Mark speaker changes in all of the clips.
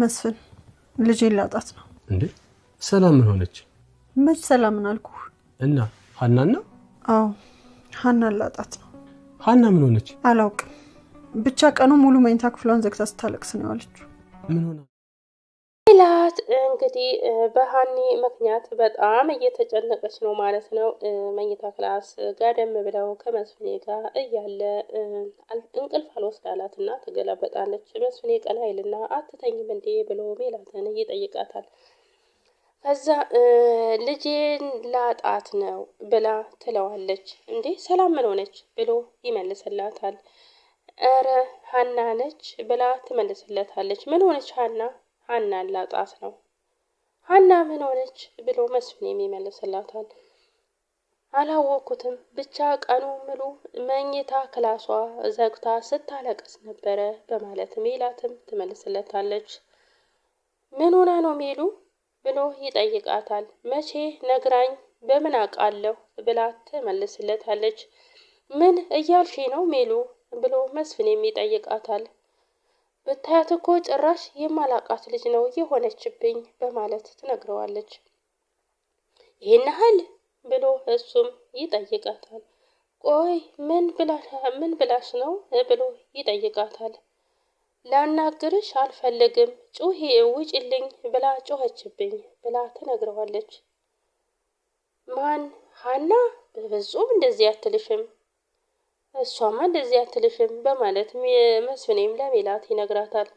Speaker 1: መስፍን ልጅ ላጣት ነው
Speaker 2: እንዴ? ሰላም ምን ሆነች?
Speaker 1: መች ሰላምን አልኩ።
Speaker 2: እና ና
Speaker 1: አዎ ሀና ላጣት ነው።
Speaker 2: ሀና ምን ሆነች?
Speaker 1: አላውቅም። ብቻ ቀኑ ሙሉ መኝታ ክፍሏን ዘግታ ስታለቅስ ነው ያለችው። ምን ሆነ? ጽናት እንግዲህ በሀኒ ምክንያት በጣም እየተጨነቀች ነው ማለት ነው። መኝታ ክላስ ጋደም ብለው ከመስፍኔ ጋር እያለ እንቅልፍ አልወስዳላት እና ትገላበጣለች። መስፍኔ ቀና ይልና አትተኝም እንዴ ብሎ ሜላትን እየጠይቃታል። ከዛ ልጄን ላጣት ነው ብላ ትለዋለች። እንዴ ሰላም ምን ሆነች ብሎ ይመልስላታል። እረ ሀና ነች ብላ ትመልስለታለች። ምን ሆነች ሀና ሀና ላጣት ነው። ሀና ምን ሆነች ብሎ መስፍን ይመልስላታል? አላወቅኩትም ብቻ ቀኑ ምሉ መኝታ ክላሷ ዘግታ ስታለቅስ ነበረ በማለት ሜላትም ትመልስለታለች። ምን ሆና ነው ሜሉ ብሎ ይጠይቃታል። መቼ ነግራኝ በምን አውቃለሁ ብላ ትመልስለታለች። ምን እያልሽ ነው ሜሉ ብሎ መስፍን ይጠይቃታል። ብታያት እኮ ጭራሽ የማላቃት ልጅ ነው የሆነችብኝ በማለት ትነግረዋለች። ይህን ያህል ብሎ እሱም ይጠይቃታል። ቆይ ምን ምን ብላሽ ነው ብሎ ይጠይቃታል። ላናግርሽ አልፈልግም ጩሂ ውጭልኝ ብላ ጮኸችብኝ ብላ ትነግረዋለች። ማን ሀና በፍጹም እንደዚህ አትልሽም እሷማ እንደዚህ አትልሽም በማለት መስፍኔም ለሜላት ይነግራታል።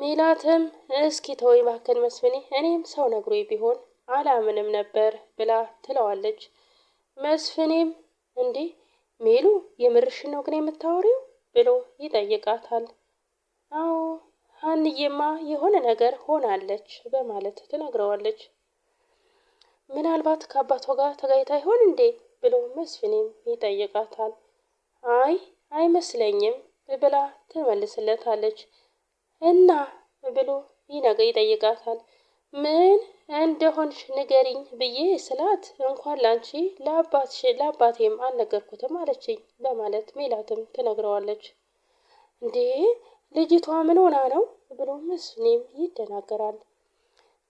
Speaker 1: ሜላትም እስኪ ተወይ እባክን መስፍኔ፣ እኔም ሰው ነግሮ ቢሆን አላምንም ነበር ብላ ትለዋለች። መስፍኔም እንዴ ሜሉ የምርሽን ነው ግን የምታወሪው ብሎ ይጠይቃታል። አዎ ሀንዬማ የሆነ ነገር ሆናለች በማለት ትነግረዋለች። ምናልባት ከአባቷ ጋር ተጋይታ ይሆን እንዴ ብሎ መስፍኔም ይጠይቃታል። አይ አይመስለኝም ብላ ትመልስለታለች። እና ብሎ ይነገ ይጠይቃታል። ምን እንደሆንሽ ንገሪኝ ብዬ ስላት እንኳን ላንቺ ለአባትሽ ለአባቴም አልነገርኩትም አለችኝ በማለት ሜላትም ትነግረዋለች። እንዴ ልጅቷ ምን ሆና ነው ብሎ መስፍኔም ይደናገራል።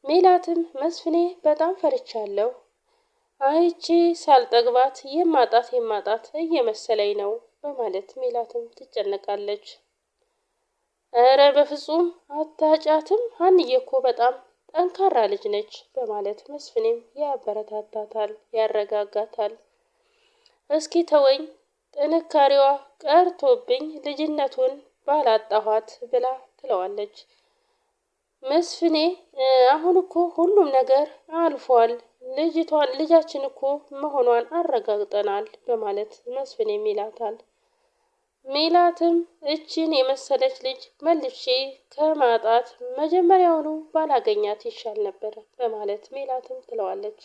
Speaker 1: ሜላትም መስፍኔ በጣም ፈርቻለሁ አይቺ ሳልጠግባት የማጣት የማጣት እየመሰለኝ ነው በማለት ሜላትም ትጨነቃለች። እረ በፍጹም አታጫትም፣ ሀንዬ እኮ በጣም ጠንካራ ልጅ ነች በማለት መስፍኔም ያበረታታታል፣ ያረጋጋታል። እስኪ ተወኝ ጥንካሬዋ ቀርቶብኝ ልጅነቱን ባላጣኋት ብላ ትለዋለች። መስፍኔ አሁን እኮ ሁሉም ነገር አልፏል ልጅቷን ልጃችን እኮ መሆኗን አረጋግጠናል በማለት መስፍኔም ይላታል። ሜላትም እችን የመሰለች ልጅ መልሼ ከማጣት መጀመሪያውኑ ባላገኛት ይሻል ነበር በማለት ሜላትም ትለዋለች።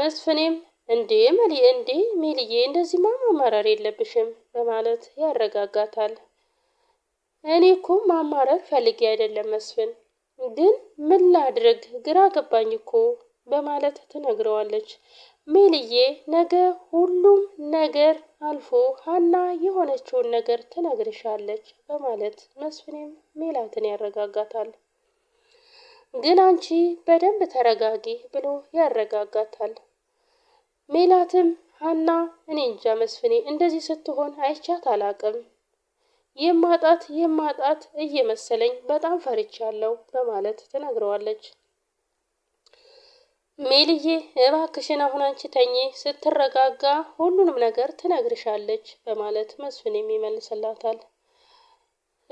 Speaker 1: መስፍኔም እንዴ መሊ እንዴ ሜልዬ እንደዚህ ማማረር የለብሽም በማለት ያረጋጋታል። እኔ እኮ ማማረር ፈልጌ አይደለም መስፍን፣ ግን ምን ላድርግ ግራ ገባኝ እኮ በማለት ትነግረዋለች። ሜልዬ ነገ ሁሉም ነገር አልፎ ሀና የሆነችውን ነገር ትነግርሻለች በማለት መስፍኔም ሜላትን ያረጋጋታል። ግን አንቺ በደንብ ተረጋጊ ብሎ ያረጋጋታል። ሜላትም ሀና እኔ እንጃ መስፍኔ እንደዚህ ስትሆን አይቻት አላቅም የማጣት የማጣት እየመሰለኝ በጣም ፈርቻለሁ በማለት ትነግረዋለች። ሜልዬ እባክሽን አሁን አንቺ ተኚ ስትረጋጋ ሁሉንም ነገር ትነግርሻለች በማለት መስፍንም ይመልስላታል።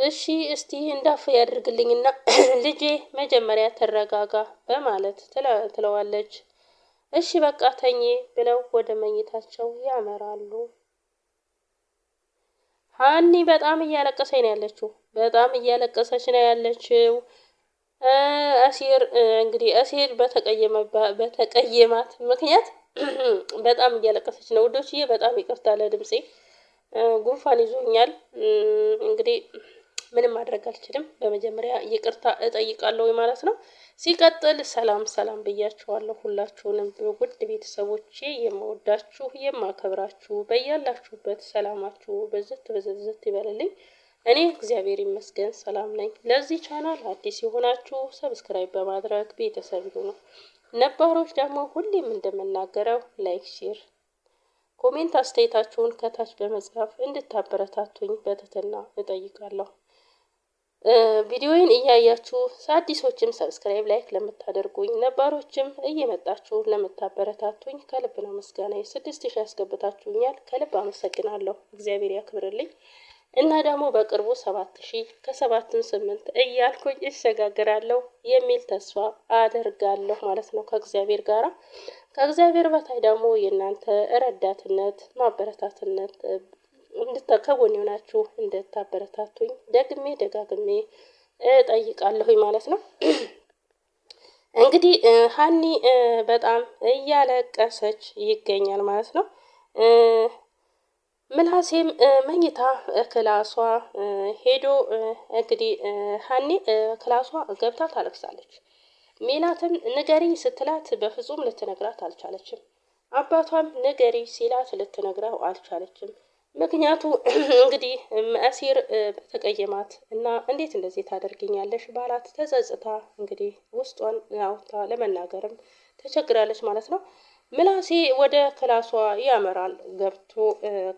Speaker 1: እሺ እስቲ እንዳፍ ያድርግልኝና ልጄ መጀመሪያ ትረጋጋ በማለት ትለዋለች። እሺ በቃ ተኚ ብለው ወደ መኝታቸው ያመራሉ። ሀኒ በጣም እያለቀሰች ነው ያለችው። በጣም እያለቀሰች ነው ያለችው። አሲር እንግዲህ አሲር በተቀየማት ምክንያት በጣም እያለቀሰች ነው ውዶችዬ፣ በጣም ይቅርታ ለድምፄ ጉንፋን ይዞኛል። እንግዲህ ምንም ማድረግ አልችልም። በመጀመሪያ ይቅርታ እጠይቃለሁ ማለት ነው። ሲቀጥል ሰላም ሰላም ብያችኋለሁ ሁላችሁንም ውድ ቤተሰቦቼ፣ የምወዳችሁ የማከብራችሁ፣ በያላችሁበት ሰላማችሁ በዝት በዝት ይበልልኝ። እኔ እግዚአብሔር ይመስገን ሰላም ነኝ። ለዚህ ቻናል አዲስ የሆናችሁ ሰብስክራይብ በማድረግ ቤተሰብ ይሁኑ። ነባሮች ደግሞ ሁሌም እንደምናገረው ላይክ፣ ሼር፣ ኮሜንት አስተያየታችሁን ከታች በመጻፍ እንድታበረታቱኝ በትህትና እጠይቃለሁ። ቪዲዮውን እያያችሁ አዲሶችም ሰብስክራይብ ላይክ ለምታደርጉኝ ነባሮችም እየመጣችሁ ለምታበረታቱኝ ከልብ ነው ምስጋና። ስድስት ሺህ ያስገብታችሁኛል። ከልብ አመሰግናለሁ። እግዚአብሔር ያክብርልኝ። እና ደግሞ በቅርቡ ሰባት ሺህ ከሰባትም ስምንት እያልኩኝ እሸጋግራለሁ የሚል ተስፋ አደርጋለሁ ማለት ነው ከእግዚአብሔር ጋር። ከእግዚአብሔር በታይ ደግሞ የእናንተ ረዳትነት፣ ማበረታትነት ከጎን የሆናችሁ እንድታበረታቱኝ ደግሜ ደጋግሜ እጠይቃለሁኝ ማለት ነው። እንግዲህ ሀኒ በጣም እያለቀሰች ይገኛል ማለት ነው። ምላሴም መኝታ ክላሷ ሄዶ እንግዲህ ሀኒ ክላሷ ገብታ ታለቅሳለች። ሜላትም ንገሪኝ ስትላት በፍጹም ልትነግራት አልቻለችም። አባቷም ንገሪ ሲላት ልትነግራው አልቻለችም። ምክንያቱ እንግዲህ መእሲር በተቀየማት እና እንዴት እንደዚህ ታደርግኛለሽ ባላት ተጸጽታ እንግዲህ ውስጧን አውጥታ ለመናገርም ተቸግራለች ማለት ነው። ምላሴ ወደ ክላሷ ያመራል። ገብቶ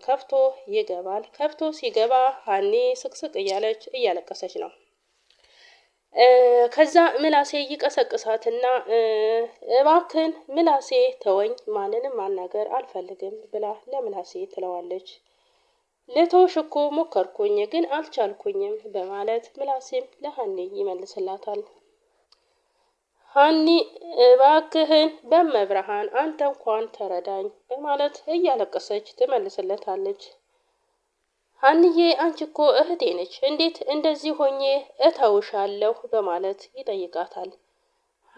Speaker 1: ከፍቶ ይገባል። ከፍቶ ሲገባ ሀኒ ስቅስቅ እያለች እያለቀሰች ነው። ከዛ ምላሴ ይቀሰቅሳትና እባክን ምላሴ ተወኝ፣ ማንንም ማናገር አልፈልግም ብላ ለምላሴ ትለዋለች። ልተውሽ እኮ ሞከርኩኝ ግን አልቻልኩኝም በማለት ምላሴም ለሀኒ ይመልስላታል። ሀኒ እባክህን በመብርሃን አንተ እንኳን ተረዳኝ በማለት እያለቀሰች ትመልስለታለች። አንዬ አንቺ እኮ እህቴ ነች እንዴት እንደዚህ ሆኜ እተውሻለሁ በማለት ይጠይቃታል።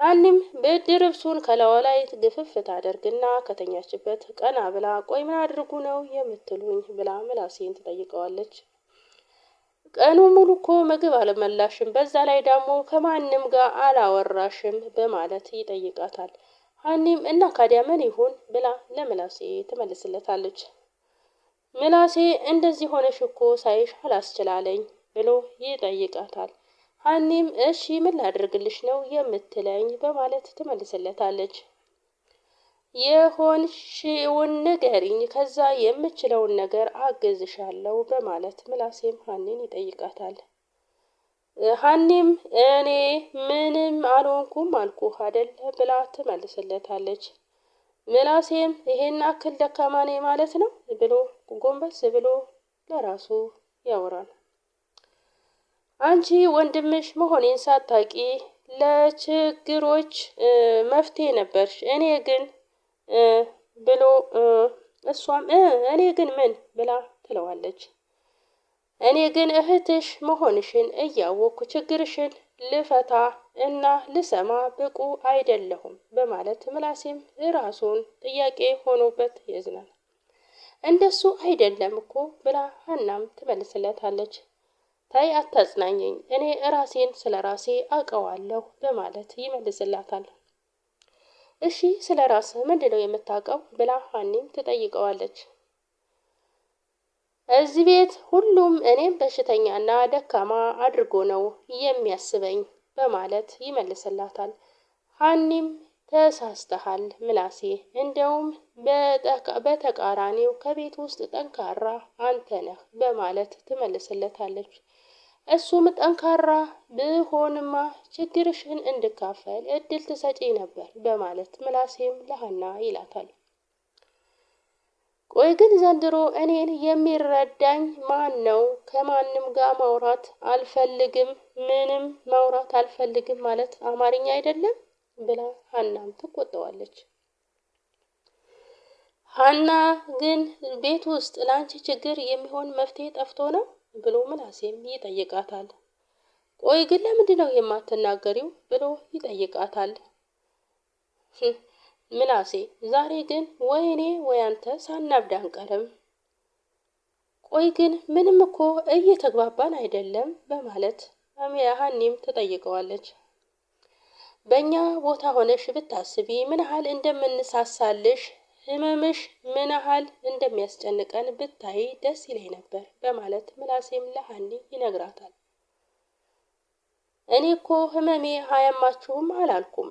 Speaker 1: ሀኒም ብርድ ልብሱን ከላዋ ላይ ግፍፍ ታደርግና ከተኛችበት ቀና ብላ ቆይ ምን አድርጉ ነው የምትሉኝ ብላ ምላሴን ትጠይቀዋለች። ቀኑ ሙሉ እኮ ምግብ አልመላሽም፣ በዛ ላይ ደግሞ ከማንም ጋር አላወራሽም በማለት ይጠይቃታል። ሀኒም እና ካዲያ ምን ይሁን ብላ ለምላሴ ትመልስለታለች። ምላሴ እንደዚህ ሆነሽ እኮ ሳይሽ አላስችላለኝ ብሎ ይጠይቃታል። ሀኒም እሺ ምን ላድርግልሽ ነው የምትለኝ በማለት ትመልስለታለች። የሆንሽውን ንገሪኝ ከዛ የምችለውን ነገር አግዝሻለሁ በማለት ምላሴም ሀኒን ይጠይቃታል። ሀኒም እኔ ምንም አልሆንኩም አልኩህ አደለ ብላ ትመልስለታለች። ምላሴም ይሄን አክል ደካማ ነኝ ማለት ነው ብሎ ጎንበስ ብሎ ለራሱ ያወራል። አንቺ ወንድምሽ መሆኔን ሳታቂ ለችግሮች መፍትሄ ነበርሽ እኔ ግን ብሎ እሷም እኔ ግን ምን ብላ ትለዋለች። እኔ ግን እህትሽ መሆንሽን እያወቅኩ ችግርሽን ልፈታ እና ልሰማ ብቁ አይደለሁም በማለት ምላሴም ራሱን ጥያቄ ሆኖበት ያዝናል። እንደሱ አይደለም እኮ ብላ ሀናም ትመልስለታለች። ታይ አታጽናኘኝ፣ እኔ ራሴን ስለ ራሴ አውቀዋለሁ በማለት ይመልስላታል። እሺ ስለ ራስህ ምንድነው የምታውቀው ብላ ሀኒም ትጠይቀዋለች። እዚህ ቤት ሁሉም እኔም በሽተኛና ደካማ አድርጎ ነው የሚያስበኝ በማለት ይመልስላታል። ሀኒም ተሳስተሃል ምናሴ፣ እንደውም በተቃራኒው ከቤት ውስጥ ጠንካራ አንተ ነህ በማለት ትመልስለታለች። እሱም ጠንካራ ብሆንማ ችግርሽን እንድካፈል እድል ትሰጪ ነበር በማለት ምላሴም ለሀና ይላታል። ቆይ ግን ዘንድሮ እኔን የሚረዳኝ ማን ነው? ከማንም ጋር ማውራት አልፈልግም፣ ምንም ማውራት አልፈልግም ማለት አማርኛ አይደለም ብላ ሀናም ትቆጠዋለች። ሀና ግን ቤት ውስጥ ለአንቺ ችግር የሚሆን መፍትሄ ጠፍቶ ነው ብሎ ምናሴም ይጠይቃታል። ቆይ ግን ለምንድን ነው የማትናገሪው ብሎ ይጠይቃታል። ምናሴ ዛሬ ግን ወይ እኔ ወይ አንተ ሳናብድ አንቀርም። ቆይ ግን ምንም እኮ እየተግባባን አይደለም በማለት አሚያ ሀኒም ትጠይቀዋለች። በእኛ ቦታ ሆነሽ ብታስቢ ምን ያህል እንደምንሳሳልሽ ህመምሽ ምን ያህል እንደሚያስጨንቀን ብታይ ደስ ይለኝ ነበር በማለት ምላሴም ለሀኒ ይነግራታል። እኔ እኮ ህመሜ አያማችሁም አላልኩም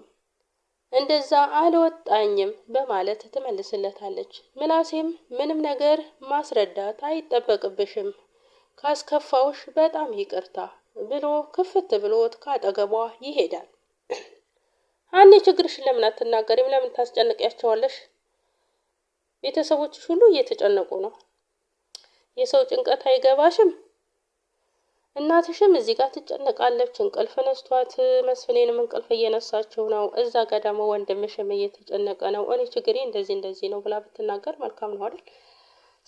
Speaker 1: እንደዛ አልወጣኝም በማለት ትመልስለታለች። ምላሴም ምንም ነገር ማስረዳት አይጠበቅብሽም ካስከፋውሽ በጣም ይቅርታ ብሎ ክፍት ብሎት ካጠገቧ ይሄዳል። ሀኒ ችግርሽን ለምን አትናገሪም? ለምን ታስጨንቅያቸዋለሽ? ቤተሰቦችሽ ሁሉ እየተጨነቁ ነው። የሰው ጭንቀት አይገባሽም። እናትሽም እዚህ ጋር ትጨነቃለች። እንቅልፍ ነስቷት መስፍኔንም እንቅልፍ እየነሳችው ነው። እዛ ጋ ደግሞ ወንድምሽም እየተጨነቀ ነው። እኔ ችግሬ እንደዚህ እንደዚህ ነው ብላ ብትናገር መልካም ነው አይደል?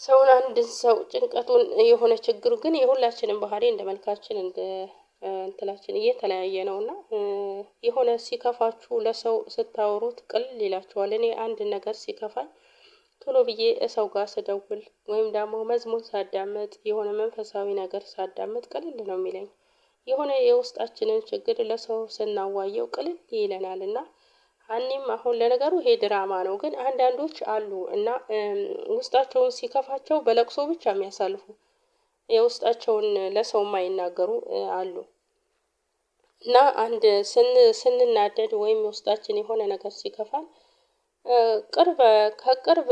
Speaker 1: ሰውን አንድ ሰው ጭንቀቱን የሆነ ችግሩ ግን የሁላችንም ባህሪ እንደ መልካችን እንደ እንትላችን እየተለያየ ነው እና የሆነ ሲከፋችሁ ለሰው ስታወሩት ቅልል ይላችኋል። እኔ አንድ ነገር ሲከፋኝ ቶሎ ብዬ እሰው ጋር ስደውል ወይም ደግሞ መዝሙር ሳዳምጥ የሆነ መንፈሳዊ ነገር ሳዳምጥ ቅልል ነው የሚለኝ። የሆነ የውስጣችንን ችግር ለሰው ስናዋየው ቅልል ይለናል እና ሀኒም አሁን ለነገሩ ይሄ ድራማ ነው፣ ግን አንዳንዶች አሉ እና ውስጣቸውን ሲከፋቸው በለቅሶ ብቻ የሚያሳልፉ የውስጣቸውን ለሰው የማይናገሩ አሉ። እና አንድ ስንናደድ ወይም የውስጣችን የሆነ ነገር ሲከፋን ቅርብ ከቅርብ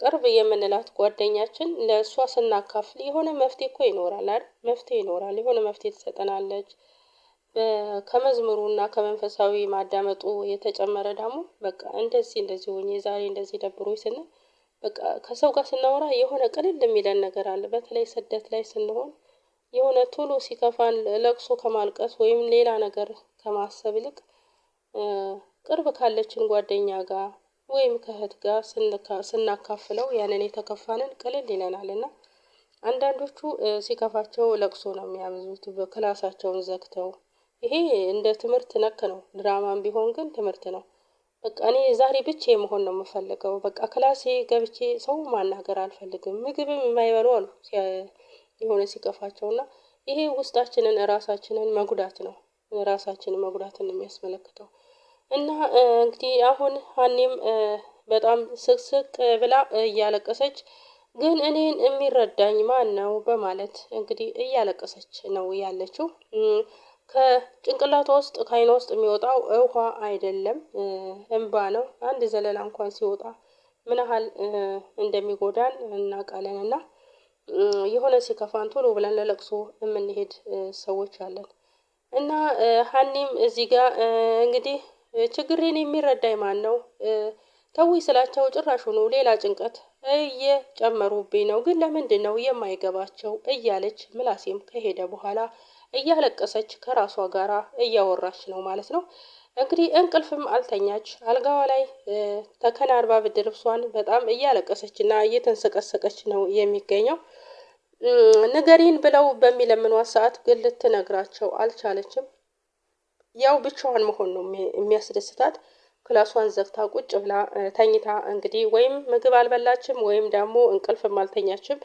Speaker 1: ቅርብ የምንላት ጓደኛችን ለእሷ ስናካፍል የሆነ መፍትሄ እኮ ይኖራል አይደል መፍትሄ ይኖራል የሆነ መፍትሄ ትሰጠናለች። እና ከመንፈሳዊ ማዳመጡ የተጨመረ ደግሞ በቃ እንደዚህ እንደዚህ ሆኜ ዛሬ እንደዚህ ደብሮኝ ስንል በቃ ከሰው ጋር ስናወራ የሆነ ቅልል የሚለን ነገር አለ በተለይ ስደት ላይ ስንሆን የሆነ ቶሎ ሲከፋን ለቅሶ ከማልቀስ ወይም ሌላ ነገር ከማሰብ ይልቅ ቅርብ ካለችን ጓደኛ ጋር ወይም ከእህት ጋር ስናካፍለው ያንን የተከፋንን ቅልል ይለናል እና አንዳንዶቹ ሲከፋቸው ለቅሶ ነው የሚያበዙት ክላሳቸውን ዘግተው ይሄ እንደ ትምህርት ነክ ነው ድራማም ቢሆን ግን ትምህርት ነው። በቃ እኔ ዛሬ ብቼ መሆን ነው የምፈልገው በቃ ክላሴ ገብቼ ሰው ማናገር አልፈልግም ምግብም የማይበሉ አሉ። የሆነ ሲከፋቸው እና ይሄ ውስጣችንን ራሳችንን መጉዳት ነው ራሳችንን መጉዳትን ነው የሚያስመለክተው እና እንግዲህ አሁን ሀኒም በጣም ስቅስቅ ብላ እያለቀሰች ግን እኔን የሚረዳኝ ማን ነው በማለት እንግዲህ እያለቀሰች ነው ያለችው። ከጭንቅላቷ ውስጥ ከአይኗ ውስጥ የሚወጣው ውሃ አይደለም እምባ ነው። አንድ ዘለላ እንኳን ሲወጣ ምን ያህል እንደሚጎዳን እናውቃለን። እና የሆነ ሲከፋን ቶሎ ብለን ለለቅሶ የምንሄድ ሰዎች አለን። እና ሀኒም እዚህ ጋር እንግዲህ ችግሬን የሚረዳኝ ነው ተዊ ስላቸው ጭራሽ ሆኖ ሌላ ጭንቀት እየጨመሩብኝ ነው ግን ለምንድነው የማይገባቸው እያለች ምላሴም ከሄደ በኋላ እያለቀሰች ከራሷ ጋራ እያወራች ነው ማለት ነው። እንግዲህ እንቅልፍም አልተኛች አልጋዋ ላይ ተከናንባ ብርድ ልብሷን በጣም እያለቀሰች እና እየተንሰቀሰቀች ነው የሚገኘው። ንገሪን ብለው በሚለምኗት ሰዓት ግን ልትነግራቸው አልቻለችም ያው ብቻዋን መሆን ነው የሚያስደስታት። ክላሷን ዘግታ ቁጭ ብላ ተኝታ እንግዲህ ወይም ምግብ አልበላችም ወይም ደግሞ እንቅልፍም አልተኛችም።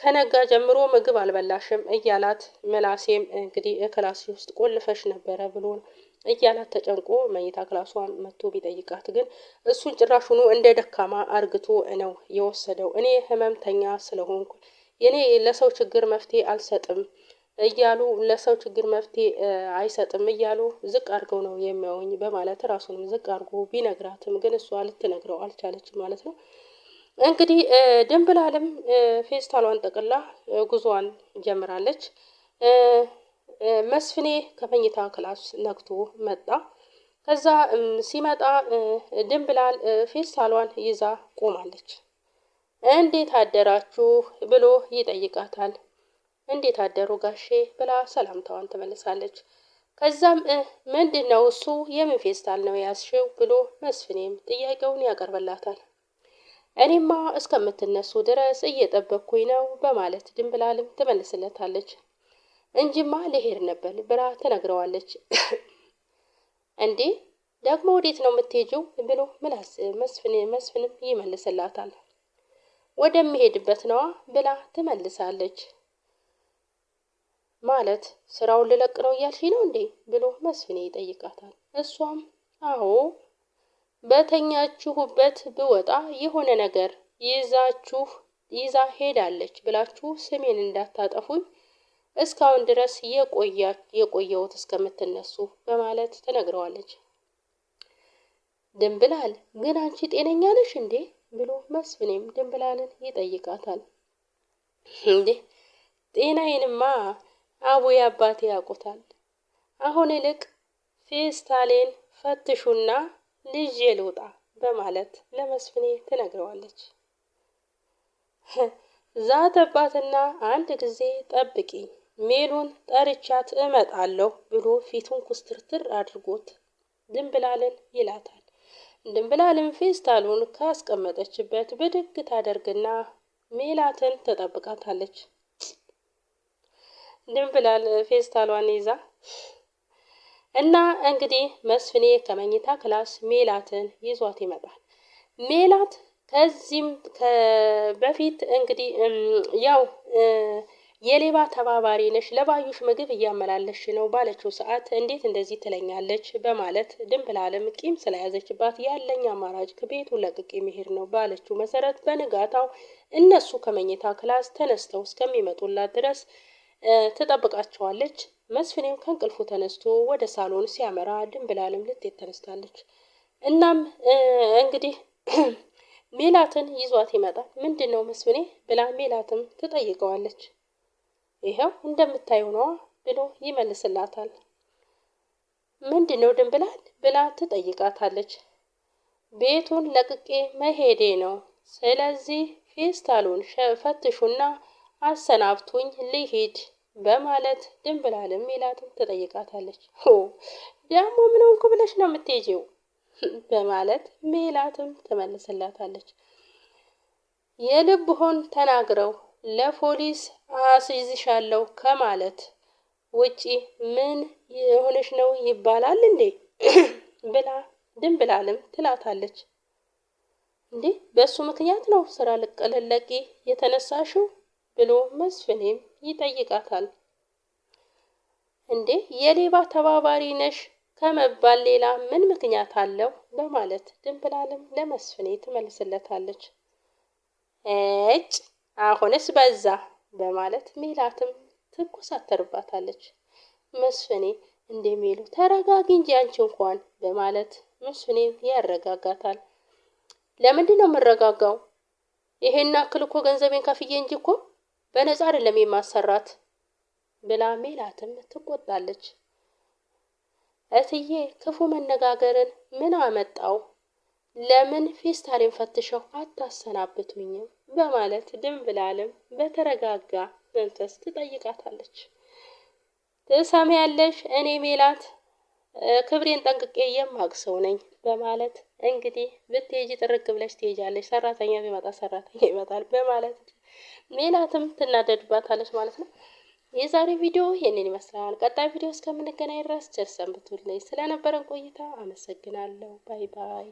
Speaker 1: ከነጋ ጀምሮ ምግብ አልበላሽም እያላት ምላሴም እንግዲህ ክላሴ ውስጥ ቆልፈሽ ነበረ ብሎ እያላት ተጨንቆ መኝታ ክላሷን መጥቶ ቢጠይቃት ግን እሱን ጭራሹኑ እንደ ደካማ አርግቶ ነው የወሰደው። እኔ ህመምተኛ ስለሆንኩ እኔ ለሰው ችግር መፍትሄ አልሰጥም እያሉ ለሰው ችግር መፍትሄ አይሰጥም እያሉ ዝቅ አድርገው ነው የሚያወኝ በማለት ራሱንም ዝቅ አድርጎ ቢነግራትም ግን እሷ ልትነግረው አልቻለችም ማለት ነው። እንግዲህ ድንብላልም ፌስታሏን ጠቅላ ጉዞዋን ጀምራለች። መስፍኔ ከመኝታ ክላስ ነግቶ መጣ። ከዛ ሲመጣ ድንብላል ፌስታሏን ይዛ ቆማለች። እንዴት አደራችሁ ብሎ ይጠይቃታል። እንዴት አደሩ ጋሼ ብላ ሰላምታዋን ትመልሳለች። ከዛም ምንድን ነው እሱ የምን ፌስታል ነው ያዝሽው ብሎ መስፍኔም ጥያቄውን ያቀርብላታል። እኔማ እስከምትነሱ ድረስ እየጠበቅኩኝ ነው በማለት ድንብላልም ትመልስለታለች። እንጂማ ልሄድ ነበር ብላ ትነግረዋለች። እንዴ ደግሞ ወዴት ነው የምትሄጂው ብሎ ምላስ መስፍንም ይመልስላታል። ወደምሄድበት ነዋ ብላ ትመልሳለች። ማለት ስራውን ልለቅ ነው እያልሽ ነው እንዴ ብሎ መስፍኔ ይጠይቃታል። እሷም አዎ በተኛችሁበት ብወጣ የሆነ ነገር ይዛችሁ ይዛ ሄዳለች ብላችሁ ስሜን እንዳታጠፉኝ እስካሁን ድረስ የቆየሁት እስከምትነሱ በማለት ትነግረዋለች። ድንብላል ግን አንቺ ጤነኛ ነሽ እንዴ ብሎ መስፍኔም ድንብላልን ይጠይቃታል። እንዴ ጤናዬንማ አቡዬ አባቴ ያውቁታል። አሁን ይልቅ ፌስታሌን ፈትሹና ልጄ ልውጣ በማለት ለመስፍኔ ትነግረዋለች። ዛተባትና አንድ ጊዜ ጠብቂ ሜሉን ጠርቻት እመጣለሁ ብሎ ፊቱን ኩስትርትር አድርጎት ድንብላልን ይላታል። ድንብላልን ፌስታሉን ካስቀመጠችበት ብድግ ታደርግና ሜላትን ተጠብቃታለች። ድም ብላል ፌስታሏን ይዛ እና እንግዲህ መስፍኔ ከመኝታ ክላስ ሜላትን ይዟት ይመጣል። ሜላት ከዚህም በፊት እንግዲህ ያው የሌባ ተባባሪ ነሽ፣ ለባዩሽ ምግብ እያመላለሽ ነው ባለችው ሰዓት እንዴት እንደዚህ ትለኛለች በማለት ድንብላልም ቂም ስለያዘችባት ያለኝ አማራጭ ከቤቱ ለቅቄ መሄድ ነው ባለችው መሰረት በንጋታው እነሱ ከመኝታ ክላስ ተነስተው እስከሚመጡላት ድረስ ትጠብቃቸዋለች። መስፍኔም ከእንቅልፉ ተነስቶ ወደ ሳሎን ሲያመራ ድንብላልም ልትሄድ ተነስታለች። እናም እንግዲህ ሜላትን ይዟት ይመጣል። ምንድን ነው መስፍኔ ብላ ሜላትም ትጠይቀዋለች። ይኸው እንደምታየው ነዋ ብሎ ይመልስላታል። ምንድን ነው ድንብላል ብላ ትጠይቃታለች። ቤቱን ለቅቄ መሄዴ ነው። ስለዚህ ፌስታሉን ፈትሹና አሰናብቱኝ ልሂድ በማለት ድንብላልም ሜላትም ትጠይቃታለች። ደግሞ ምን ሆንኩ ብለሽ ነው የምትሄጂው? በማለት ሜላትም ትመልስላታለች። የልብሆን ተናግረው ለፖሊስ አስይዝሻለሁ ከማለት ውጪ ምን የሆነሽ ነው ይባላል እንዴ? ብላ ድንብላልም ትላታለች። እንዴ በሱ ምክንያት ነው ስራ ልቀለለቂ የተነሳሽው ብሎ መስፍኔም ይጠይቃታል። እንዴ የሌባ ተባባሪ ነሽ ከመባል ሌላ ምን ምክንያት አለው? በማለት ድንብላልም ለመስፍኔ ትመልስለታለች። እጭ አሁንስ በዛ በማለት ሜላትም ትኩስ አተርባታለች። መስፍኔ እንደ ሜሉ ተረጋጊ እንጂ አንቺ እንኳን በማለት መስፍኔን ያረጋጋታል። ለምንድን ነው የምረጋጋው? ይሄን አክል እኮ ገንዘቤን ከፍዬ እንጂ እኮ በነፃ አይደለም የማሰራት ብላ ሜላትም ትቆጣለች። እትዬ ክፉ መነጋገርን ምን አመጣው? ለምን ፌስታሌን ፈትሸው አታሰናብቱኝም? በማለት ድም ብላለም በተረጋጋ መንፈስ ትጠይቃታለች። ትሰሚያለሽ፣ እኔ ሜላት ክብሬን ጠንቅቄ የማቅ ሰው ነኝ በማለት እንግዲህ ብትሄጂ ጥርቅ ብለሽ ትሄጃለሽ፣ ሰራተኛ ቢመጣ ሰራተኛ ይመጣል በማለት ሜላትም ትናደድባታለች ማለት ነው። የዛሬ ቪዲዮ ይህንን ይመስላል። ቀጣይ ቪዲዮ እስከምንገናኝ ድረስ ቸር ሰንብቱልኝ። ስለነበረን ቆይታ አመሰግናለሁ። ባይ ባይ።